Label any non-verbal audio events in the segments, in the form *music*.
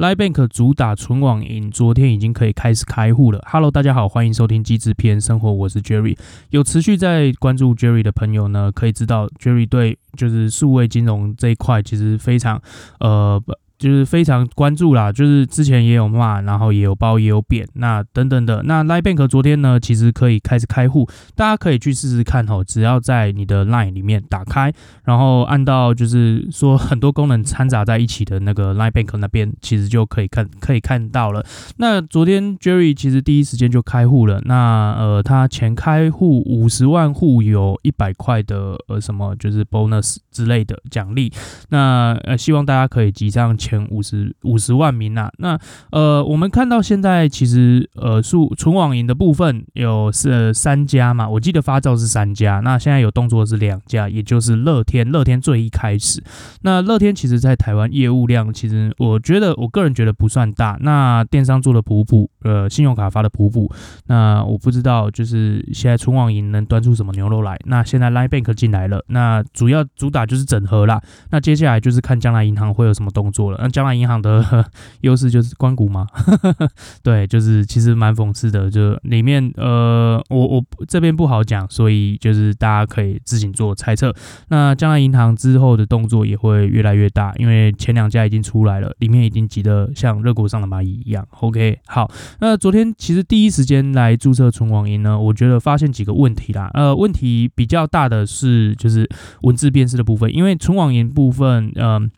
LINE Bank 主打純網銀，昨天已經可以開始開戶了。Hello，大家好，歡迎收聽《機智片生活》，我是 Jerry。有持續在關注 Jerry 的朋友呢，可以知道 Jerry 對就是數位金融這一塊其實非常呃。就是非常關注啦，就是之前也有罵，然後也有褒，也有貶，那等等的。那 Line Bank 昨天呢，其實可以開始開戶，大家可以去試試看哦，只要在你的 Line 裡面打開，然後按到就是說很多功能摻雜在一起的那個 Line Bank 那邊，其實就可以看，可以看到了。那昨天 Jerry 其實第一時間就開戶了，那呃，他前開戶五十萬戶有一百塊的呃什麼就是 bonus 之類的獎勵，那呃，希望大家可以集上錢。前五十五十萬名啊，那呃，我們看到現在其實呃，數純網銀的部分有是三家嘛，我記得發照是三家，那現在有動作是兩家，也就是樂天，樂天最一開始，那樂天其實在台灣業務量其實我覺得我個人覺得不算大，那電商做的普普，呃，信用卡發的普普，那我不知道就是現在純網銀能端出什麼牛肉來，那現在 Line Bank 進來了，那主要主打就是整合啦，那接下來就是看將來銀行會有什麼動作了。那、啊、將來銀行的優勢就是官股嘛？ *laughs* 對，就是其實蠻諷刺的，就裡面呃，我我這邊不好講，所以就是大家可以自行做猜測。那將來銀行之後的動作也會越來越大，因為前兩家已經出來了，裡面已經急得像熱鍋上的螞蟻一樣。OK，好，那昨天其實第一時間來註冊純網銀呢，我覺得發現幾個問題啦。呃，問題比較大的是就是文字辨識的部分，因為純網銀部分，嗯、呃。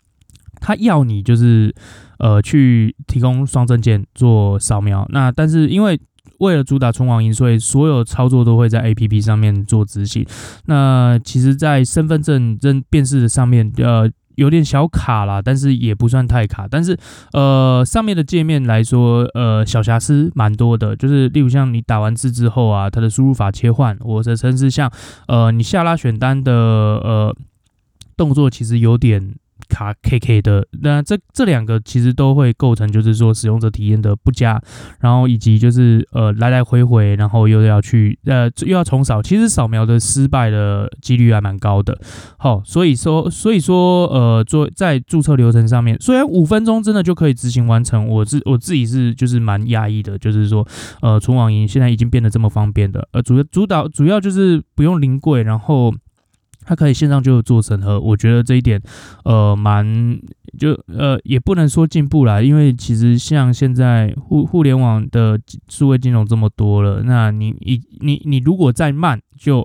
他要你就是，呃，去提供雙證件做掃描。那但是因為為了主打純網銀，所以所有操作都會在 A P P 上面做執行。那其實，在身份證正辨識的上面，呃，有點小卡啦，但是也不算太卡。但是，呃，上面的界面來說，呃，小瑕疵蠻多的。就是例如像你打完字之後啊，它的輸入法切換，或者甚至像，呃，你下拉選單的，呃，動作其實有點。卡 K K 的，那這這兩個其實都會構成，就是說使用者體驗的不佳，然後以及就是呃來來回回，然後又要去呃又要重掃，其實掃描的失敗的幾率還蠻高的。好、哦，所以說所以說呃做在註冊流程上面，雖然五分鐘真的就可以執行完成，我自我自己是就是蠻壓抑的，就是說呃純網銀現在已經變得這麼方便的，呃主要主導主要就是不用臨櫃，然後。它可以線上就做審核，我覺得這一點，呃，蠻就呃，也不能說進步啦，因為其實像現在互互聯網的數位金融這麼多了，那你你你，你如果再慢就。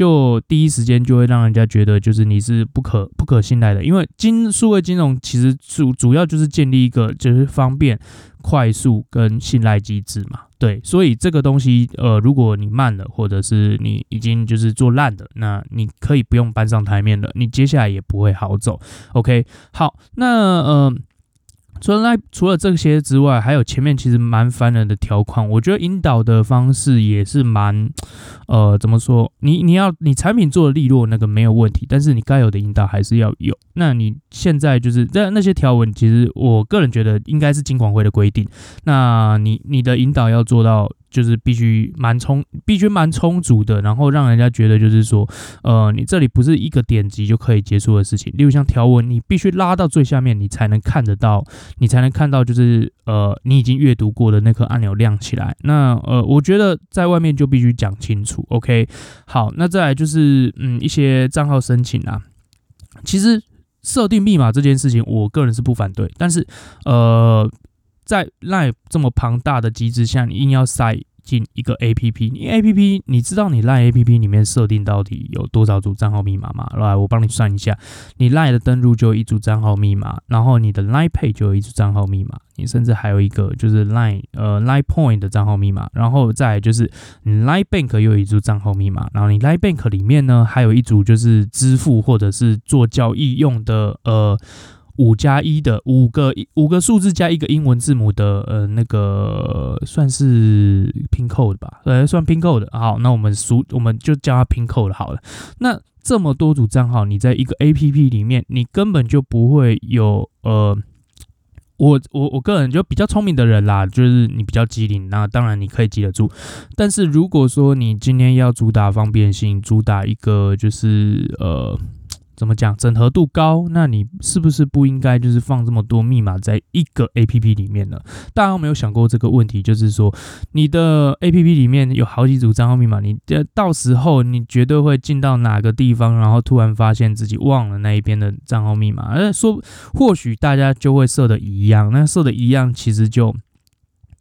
就第一時間就會讓人家覺得，就是你是不可不可信賴的，因為金數位金融其實主主要就是建立一個就是方便、快速跟信賴機制嘛。對，所以這個東西，呃，如果你慢了，或者是你已經就是做爛了，那你可以不用搬上台面了，你接下來也不會好走。OK，好，那呃。除了除了這些之外，還有前面其實蠻煩人的條款。我覺得引導的方式也是蠻，呃，怎麼說？你你要你產品做的利落，那個沒有問題。但是你該有的引導還是要有。那你現在就是那那些條文，其實我個人覺得應該是金管會的規定。那你你的引導要做到。就是必須蠻充，必須蠻充足的，然後讓人家覺得就是說，呃，你這裡不是一個點擊就可以結束的事情。例如像條文，你必須拉到最下面，你才能看得到，你才能看到就是呃，你已經閱讀過的那顆按鈕亮起來。那呃，我覺得在外面就必須講清楚。OK，好，那再來就是嗯，一些賬號申請啊，其實設定密碼這件事情，我個人是不反對，但是呃，在 Line 這麼龐大的機制下，你硬要塞進一個 APP，你 APP，你知道你 Line APP 裡面設定到底有多少組賬號密碼嗎？來，我幫你算一下，你 Line 的登錄就有一組賬號密碼，然後你的 Line Pay 就有一組賬號密碼，你甚至還有一個就是 Line 呃 Line Point 的賬號密碼，然後再來就是你 Line Bank 又有一組賬號密碼，然後你 Line Bank 裡面呢還有一組就是支付或者是做交易用的呃。五加一的五個五個數字加一個英文字母的呃那個算是 PIN code 的吧，呃算 PIN code 的。好，那我們熟我們就叫它 PIN code 的好了。那這麼多組賬號，你在一個 APP 裡面，你根本就不會有呃，我我我個人就比較聰明的人啦，就是你比較機靈，那當然你可以記得住。但是如果說你今天要主打方便性，主打一個就是呃。怎麼講？整合度高，那你是不是不應該就是放這麼多密碼在一個 APP 裡面呢？大家有沒有想過這個問題？就是說，你的 APP 裡面有好幾組賬號密碼，你到時候你絕對會進到哪個地方，然後突然發現自己忘了那一邊的賬號密碼，那說或許大家就會設的一樣，那設的一樣其實就。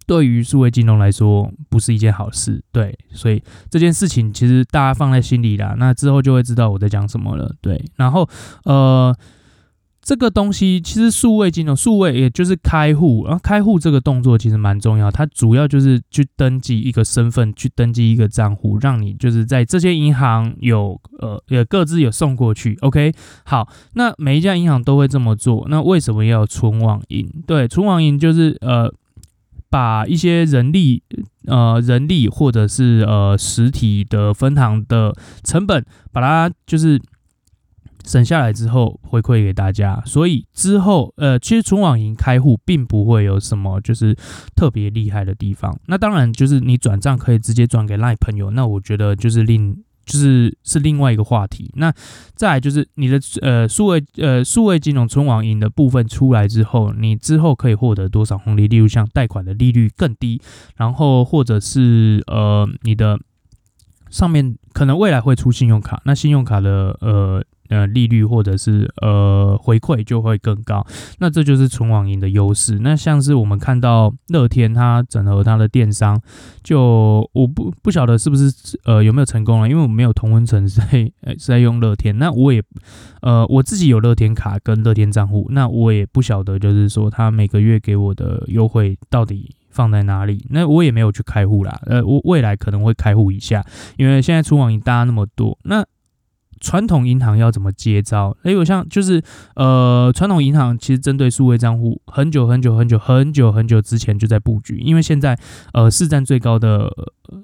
對於數位金融來說，不是一件好事，對，所以這件事情其實大家放在心裡啦。那之後就會知道我在講什麼了，對。然後，呃，這個東西其實數位金融，數位也就是開戶，然後開戶這個動作其實蠻重要，它主要就是去登記一個身份，去登記一個賬戶，讓你就是在這些銀行有，呃，也各自有送過去。OK，好，那每一家銀行都會這麼做。那為什麼要有純網銀？對，純網銀就是，呃。把一些人力，呃，人力或者是呃實體的分行的成本，把它就是省下來之後回饋給大家。所以之後，呃，其實純網銀開戶並不會有什麼就是特別厲害的地方。那當然就是你轉賬可以直接轉給 LINE 朋友。那我覺得就是令。就是是另外一個話題，那再來就是你的呃，數位呃，數位金融純網銀的部分出來之後，你之後可以獲得多少紅利？例如像貸款的利率更低，然後或者是呃，你的上面可能未來會出信用卡，那信用卡的呃。呃，利率或者是呃回饋就會更高，那這就是純網銀的優勢。那像是我們看到樂天，它整合它的電商，就我不不曉得是不是呃有沒有成功了，因為我沒有同溫層在在用樂天。那我也呃我自己有樂天卡跟樂天賬戶，那我也不曉得就是說它每個月給我的優惠到底放在哪裡。那我也沒有去開戶啦，呃，我未來可能會開戶一下，因為現在純網銀大家那麼多，那。傳統銀行要怎麼接招？那、欸、我像就是呃，傳統銀行其實針對數位賬戶，很久很久很久很久很久之前就在布局。因為現在呃，市占最高的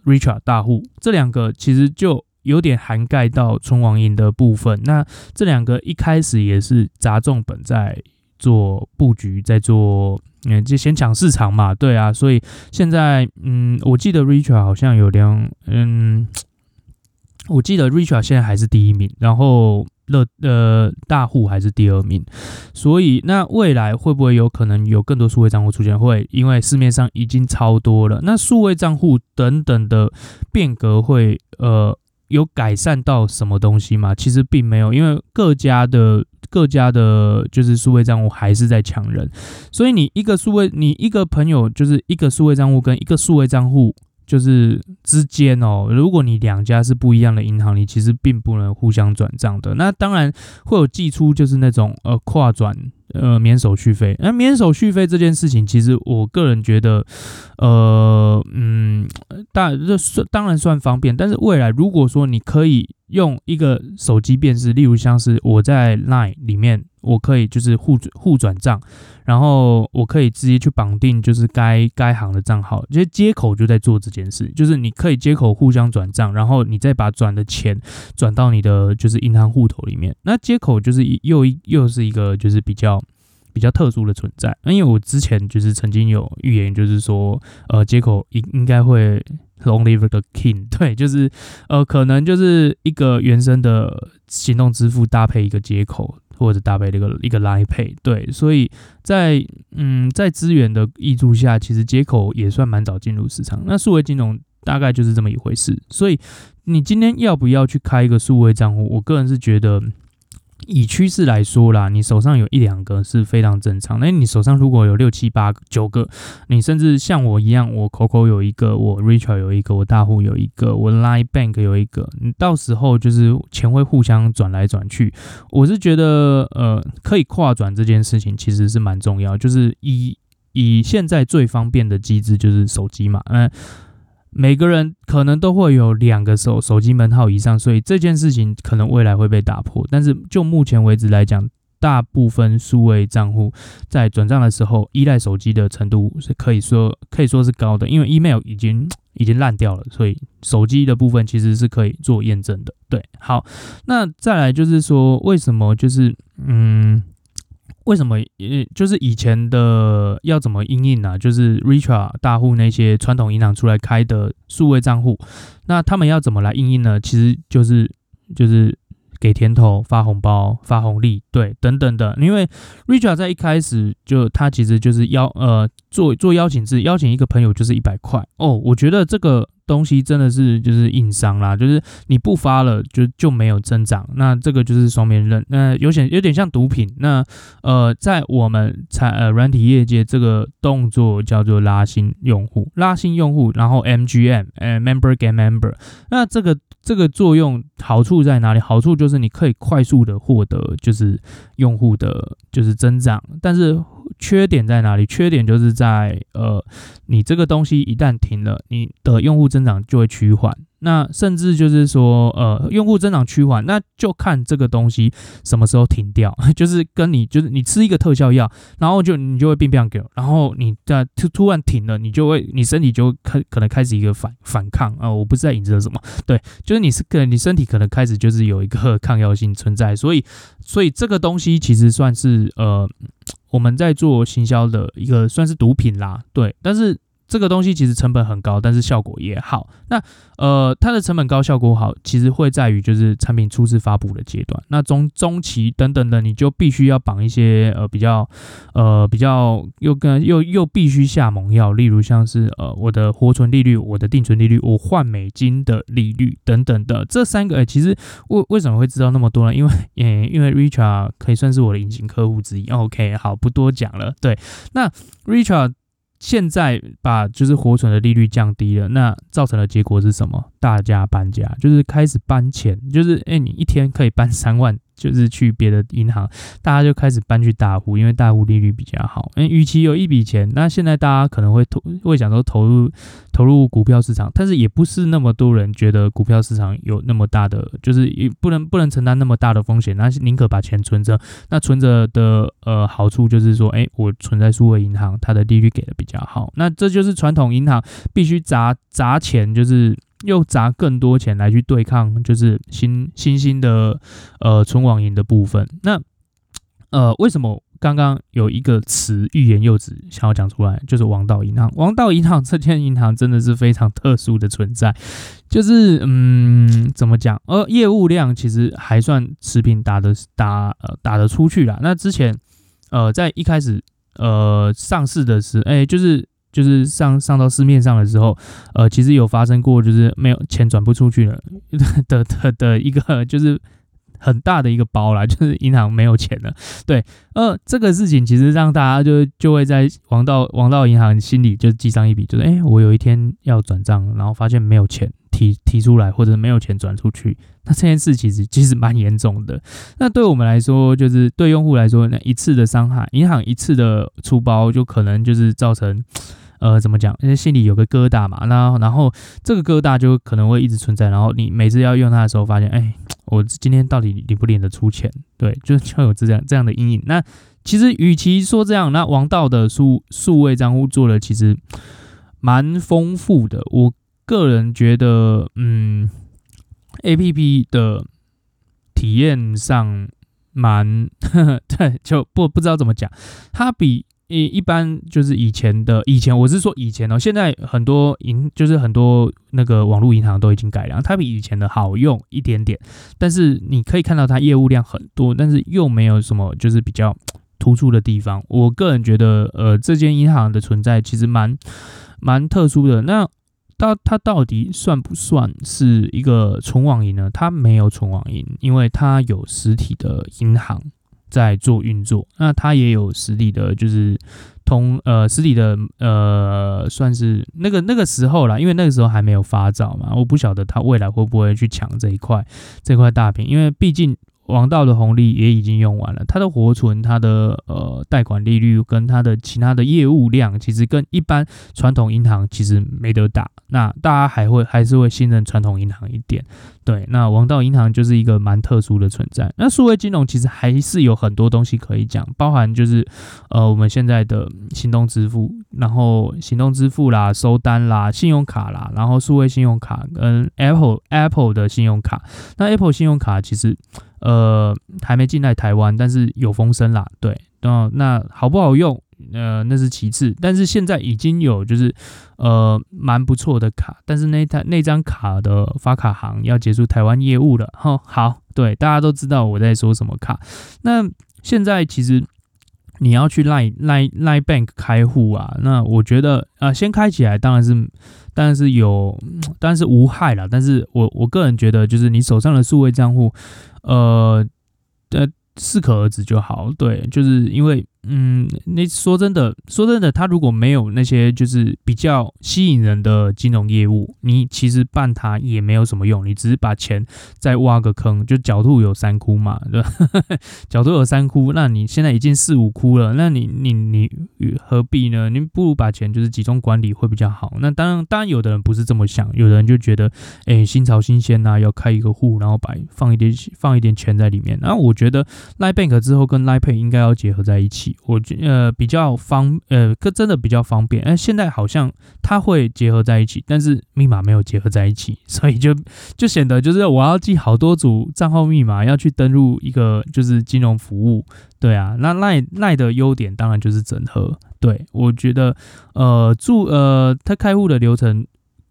Richart 大戶這兩個其實就有點涵蓋到純網銀的部分。那這兩個一開始也是砸重本在做布局，在做嗯，就先搶市場嘛，對啊。所以現在嗯，我記得 Richart 好像有點嗯。我記得 Richart 現在還是第一名，然後樂呃大戶還是第二名，所以那未來會不會有可能有更多數位賬戶出現？會，因為市面上已經超多了。那數位賬戶等等的變革會呃有改善到什麼東西嗎？其實並沒有，因為各家的各家的就是數位賬戶還是在搶人，所以你一個數位，你一個朋友就是一個數位賬戶跟一個數位賬戶。就是之間哦，如果你兩家是不一樣的銀行，你其實並不能互相轉賬的。那當然會有寄出，就是那種呃跨轉呃免手續費。那、呃、免手續費這件事情，其實我個人覺得，呃嗯，大這算當然算方便。但是未來如果說你可以用一個手機辨識，例如像是我在 LINE 裡面。我可以就是互互轉賬，然後我可以直接去綁定就是該該行的賬號，這些接口就在做這件事，就是你可以接口互相轉賬，然後你再把轉的錢轉到你的就是銀行戶頭裡面。那接口就是又一又是一個就是比較比較特殊的存在，因為我之前就是曾經有預言，就是說呃接口應應該會 long live the king，對，就是呃可能就是一個原生的行動支付搭配一個接口。或者搭配這個一個 LINE Pay, 對，所以在嗯，在資源的挹注下，其實接口也算蠻早進入市場。那數位金融大概就是這麼一回事。所以你今天要不要去開一個數位賬戶？我個人是覺得。以趨勢來說啦，你手上有一兩個是非常正常的。那、欸、你手上如果有六七八個九個，你甚至像我一樣，我 koko 有一個，我 Richart 有一個，我大戶有一個，我 Line Bank 有一個，你到時候就是錢會互相轉來轉去。我是覺得，呃，可以跨轉這件事情其實是蠻重要，就是以以現在最方便的機制就是手機嘛，嗯、呃。每個人可能都會有兩個手手機門號以上，所以這件事情可能未來會被打破。但是就目前為止來講，大部分數位賬戶在轉賬的時候依賴手機的程度是可以說可以說是高的，因為 email 已經已經爛掉了，所以手機的部分其實是可以做驗證的。對，好，那再來就是說，為什麼就是嗯。為什麼？呃、嗯，就是以前的要怎麼因應呢？就是 Richart 大戶那些傳統銀行出來開的數位賬戶，那他們要怎麼來因應呢？其實就是就是給甜頭，發紅包，發紅利，對，等等的。因為 Richart 在一開始就他其實就是邀呃做做邀請制，邀請一個朋友就是一百塊哦。我覺得這個。東西真的是就是硬傷啦，就是你不發了就就沒有增長，那這個就是雙面刃，那有點有點像毒品。那呃，在我們產呃軟體業界，這個動作叫做拉新用戶，拉新用戶，然後 MGM 呃 Member Get Member，那這個這個作用好處在哪裡？好處就是你可以快速的獲得就是用戶的就是增長，但是。缺點在哪裡？缺點就是在呃，你這個東西一旦停了，你的用戶增長就會趨緩。那甚至就是說呃，用戶增長趨緩，那就看這個東西什麼時候停掉。就是跟你就是你吃一個特效藥，然後就你就會變漂亮，然後你的突、啊、突然停了，你就會你身體就會開可能開始一個反反抗啊、呃，我不是在影射什麼。對，就是你是可能你身體可能開始就是有一個抗藥性存在，所以所以這個東西其實算是呃。我們在做行銷的一個算是毒品啦，對，但是。這個東西其實成本很高，但是效果也好。那呃，它的成本高、效果好，其實會在於就是產品初次發佈的階段。那中中期等等的，你就必須要綁一些呃比較呃比較呃又跟、呃、又又必須下猛藥，例如像是呃我的活存利率、我的定存利率、我換美金的利率等等的這三個。哎、欸，其實為為什麼會知道那麼多呢？因為嗯，因為 Richart 可以算是我的隱形客戶之一。OK，好，不多講了。對，那 Richart。現在把就是活存的利率降低了，那造成的結果是什麼？大家搬家，就是開始搬錢，就是哎，你一天可以搬三萬。就是去別的銀行，大家就開始搬去大戶，因為大戶利率比較好。嗯、欸，與其有一筆錢，那現在大家可能會投，會想說投入投入股票市場，但是也不是那麼多人覺得股票市場有那麼大的，就是也不能不能承擔那麼大的風險，那寧可把錢存着。那存着的呃好處就是說，哎、欸，我存在數位銀行，它的利率給的比較好。那這就是傳統銀行必須砸砸錢，就是。又砸更多錢來去對抗，就是新新興的呃純網銀的部分。那呃為什麼剛剛有一個詞欲言又止，想要講出來，就是王道銀行。王道銀行這間銀行真的是非常特殊的存在，就是嗯怎麼講？呃業務量其實還算持平，打得打、呃、打得出去啦。那之前呃在一開始呃上市的時，哎、欸、就是。就是上上到市面上的時候，呃，其實有發生過，就是沒有錢轉不出去了的的的一個，就是很大的一個包啦，就是銀行沒有錢了。對，呃，這個事情其實讓大家就就會在王道王道銀行心裡就記上一筆，就是哎、欸，我有一天要轉賬，然後發現沒有錢提提出來，或者沒有錢轉出去，那這件事其實其實蠻嚴重的。那對我們來說，就是對用戶來說，那一次的傷害，銀行一次的出包就可能就是造成。呃，怎麼講？因為心裡有個疙瘩嘛，那然後這個疙瘩就可能會一直存在。然後你每次要用它的時候，發現，哎、欸，我今天到底領不領得出錢？對，就就有這樣這樣的陰影。那其實與其說這樣，那王道的數數位賬戶做了其實蠻豐富的。我個人覺得，嗯，APP 的體驗上蠻，呵呵，對，就不不知道怎麼講，它比。一一般就是以前的，以前我是說以前哦，現在很多銀就是很多那個網絡銀行都已經改良，它比以前的好用一點點，但是你可以看到它業務量很多，但是又沒有什麼就是比較突出的地方。我個人覺得，呃，這間銀行的存在其實蠻蠻特殊的。那它它到底算不算是一個純網銀呢？它沒有純網銀，因為它有實體的銀行。在做運作，那他也有實體的，就是通呃實體的呃，算是那個那個時候啦，因為那個時候還沒有發照嘛，我不曉得他未來會不會去搶這一塊這塊大餅。因為畢竟王道的紅利也已經用完了，它的活存、它的呃貸款利率跟它的其他的業務量，其實跟一般傳統銀行其實沒得打，那大家還會還是會信任傳統銀行一點。對，那王道銀行就是一個蠻特殊的存在。那數位金融其實還是有很多東西可以講，包含就是呃我們現在的行動支付，然後行動支付啦、收單啦、信用卡啦，然後數位信用卡跟，嗯、Apple Apple 的信用卡。那 Apple 信用卡其實呃還沒進來台灣，但是有風聲啦。對，那那好不好用？呃，那是其次，但是現在已經有就是，呃，蠻不錯的卡，但是那台那張卡的發卡行要結束台灣業務了。吼，好，對，大家都知道我在說什麼卡。那現在其實你要去 LINE LINE LINE Bank 開戶啊，那我覺得啊、呃，先開起來當然是，當然是有，當然是無害啦。但是我我個人覺得，就是你手上的數位賬戶，呃，呃，適可而止就好。對，就是因為。嗯，那說真的，說真的，他如果沒有那些就是比較吸引人的金融業務，你其實辦它也沒有什麼用，你只是把錢再挖個坑，就狡兔有三窟嘛，對吧？狡兔有三窟，那你現在已經四五窟了，那你你你,你何必呢？你不如把錢就是集中管理會比較好。那當然，當然，有的人不是這麼想，有的人就覺得，哎、欸，新潮新鮮吶、啊，要開一個戶，然後把放一點放一點錢在裡面。那我覺得，LINE Bank 之後跟 LINE Pay 應該要結合在一起。我覺呃比較方呃，可真的比較方便。哎、欸，現在好像它會結合在一起，但是密碼沒有結合在一起，所以就就顯得就是我要記好多組賬號密碼要去登入一個就是金融服務。對啊，那 LINE、LINE 的優點當然就是整合。對，我覺得呃住呃，他、呃、開戶的流程。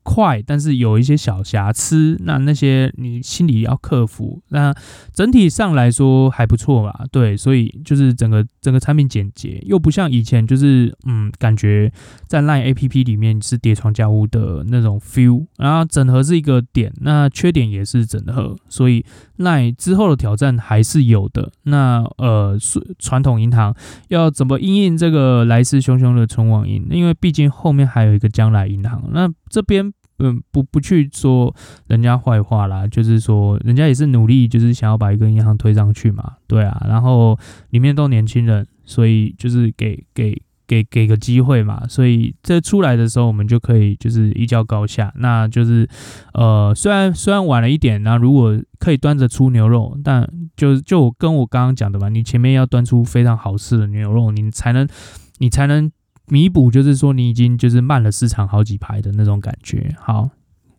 快，但是有一些小瑕疵，那那些你心裡要克服。那整體上來說還不錯吧？對，所以就是整個整個產品簡潔，又不像以前就是嗯，感覺在 LINE A P P 裡面是疊床架屋的那種 feel。然後整合是一個點，那缺點也是整合，所以 LINE 之後的挑戰還是有的。那呃，傳統銀行要怎麼因應這個來勢洶洶的純網銀？因為畢竟後面還有一個將來銀行，那。這邊嗯，不不去說人家壞話啦，就是說人家也是努力，就是想要把一個銀行推上去嘛，對啊，然後裡面都年輕人，所以就是給給給給個機會嘛，所以這出來的時候我們就可以就是一較高下，那就是呃雖然雖然晚了一點，那如果可以端着出牛肉，但就是就跟我剛剛講的嘛，你前面要端出非常好吃的牛肉，你才能你才能，彌補就是說，你已經就是慢了市場好幾排的那種感覺。好，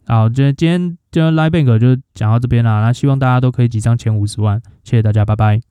好，就今天就 LINE Bank 就講到這邊啦。那希望大家都可以擠上前五十萬，謝謝大家，拜拜。